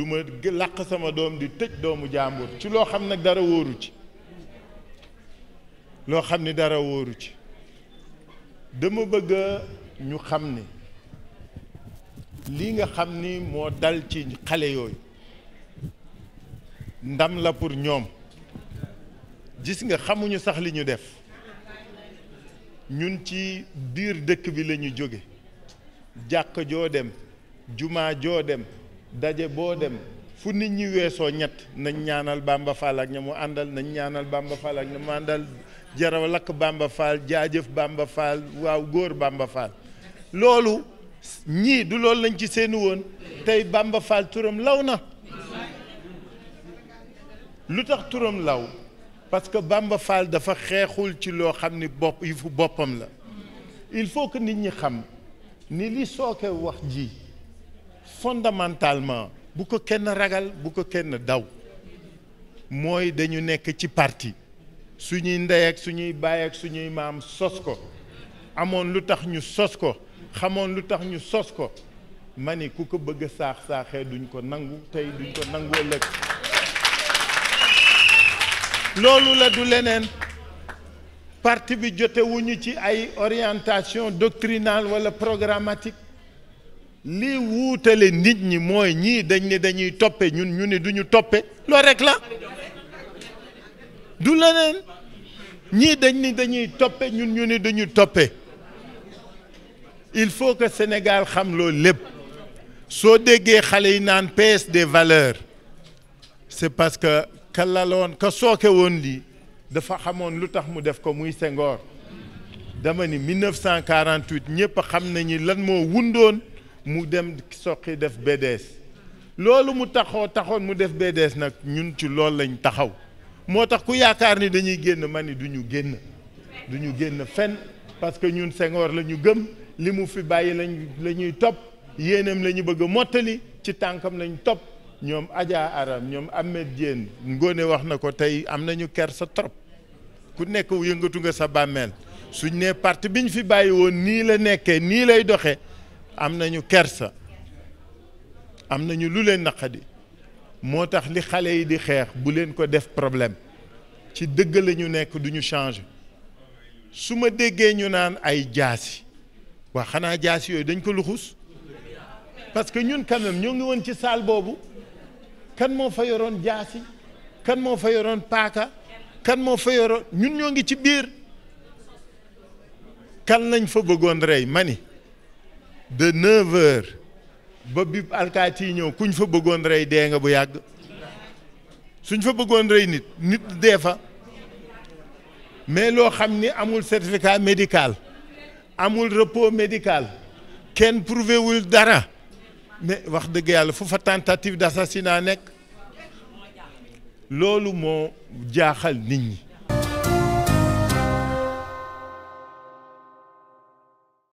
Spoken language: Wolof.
du ma làq sama doom di tëj doomu jàmbur ci loo xam nag dara wóoru ci loo xam ni dara wóoru ci dama bëgg ñu xam ni lii nga xam ni moo dal ci xale yooyu ndam la pour ñoom gis nga xamuñu sax li ñu def ñun ci biir dëkk bi la jóge jàkk joo dem jumaa joo dem daje boo dem fu nit ñi weesoo ñett nañ ñaanal Bamba Fall ak ña àndal nañ ñaanal Bamba Fall ak ña àndal jaraw lakk Bamba jaajëf Bamba waaw góor Bamba loolu ñii du lool lañ ci seeni woon tey Bamba turam law na lu tax turam law parce que Bamba dafa xeexul ci loo xam ni bopp yu fu boppam la il faut que nit ñi xam ni li sooke wax ji fondamentalement bu ko kenn ragal bu ko kenn daw mooy dañu nekk ci parti suñuy ndey ak suñuy baay ak suñuy maam sos ko amoon lu tax ñu sos ko xamoon lu tax ñu sos ko ma ni ku ko bëgg saax-saaxee duñ ko nangu tey duñ ko nangu ëllëg loolu la du leneen parti bi jotewuñu ci ay orientation doctrinale wala programmatique li woutale nit ñi moy ñi dañ ne dañuy topé ñun ñu ne duñu topé lo rek la du leneen ñi dañ ne dañuy topé ñun ñu ne duñu topé il faut que Sénégal xam lo lepp so déggé xalé yi naan PS des valeurs c'est parce que kallalon laloon ka sooke woon lii dafa xamone lutax mu def ko muy sengor dama ni 1948 ñëpp xam nañu lan mo mu dem soqi def BDS loolu mu taxoo taxoon mu def BDS nag ñun ci loolu lañ taxaw moo tax ku yaakaar ni dañuy génn ma ni du ñu génn du ñu génn fenn parce que ñun sengoor la ñu gëm li mu fi bàyyi lañ la topp yéenam lañu bëgg a mottali ci tànkam lañ topp ñoom Adja Aram ñoom Ahmed Diène Ngone wax na ko tey am nañu ker sa trop ku nekk yëngatu nga sa bàmmeel suñ ne parti bi ñu fi bàyyi woon nii la nekkee nii lay doxee am nañu kersa am nañu lu leen naqadi moo tax li xale yi di xeex bu leen ko def problème ci dëgg lañu nekk duñu ñu changer su ma déggee ñu naan ay jaasi waa xanaa jaasi yooyu dañ ko luxus parce que ñun quand même ñoo ngi woon ci salle boobu kan moo fa yoroon jaasi kan moo fa yoroon paaka kan moo fa yoroon ñun ñoo ngi ci biir kan lañ fa bëggoon rey mani de 9 heures ba bi alkaati yi kuñ fa bëggoon rey dee nga bu yàgg suñ fa bëggoon rey nit nit dee fa mais loo xam ni amul certificat médical amul repos médical kenn prouvé wul dara mais wax dëgg yàlla fu fa tentative d'assassinat nekk loolu moo jaaxal nit ñi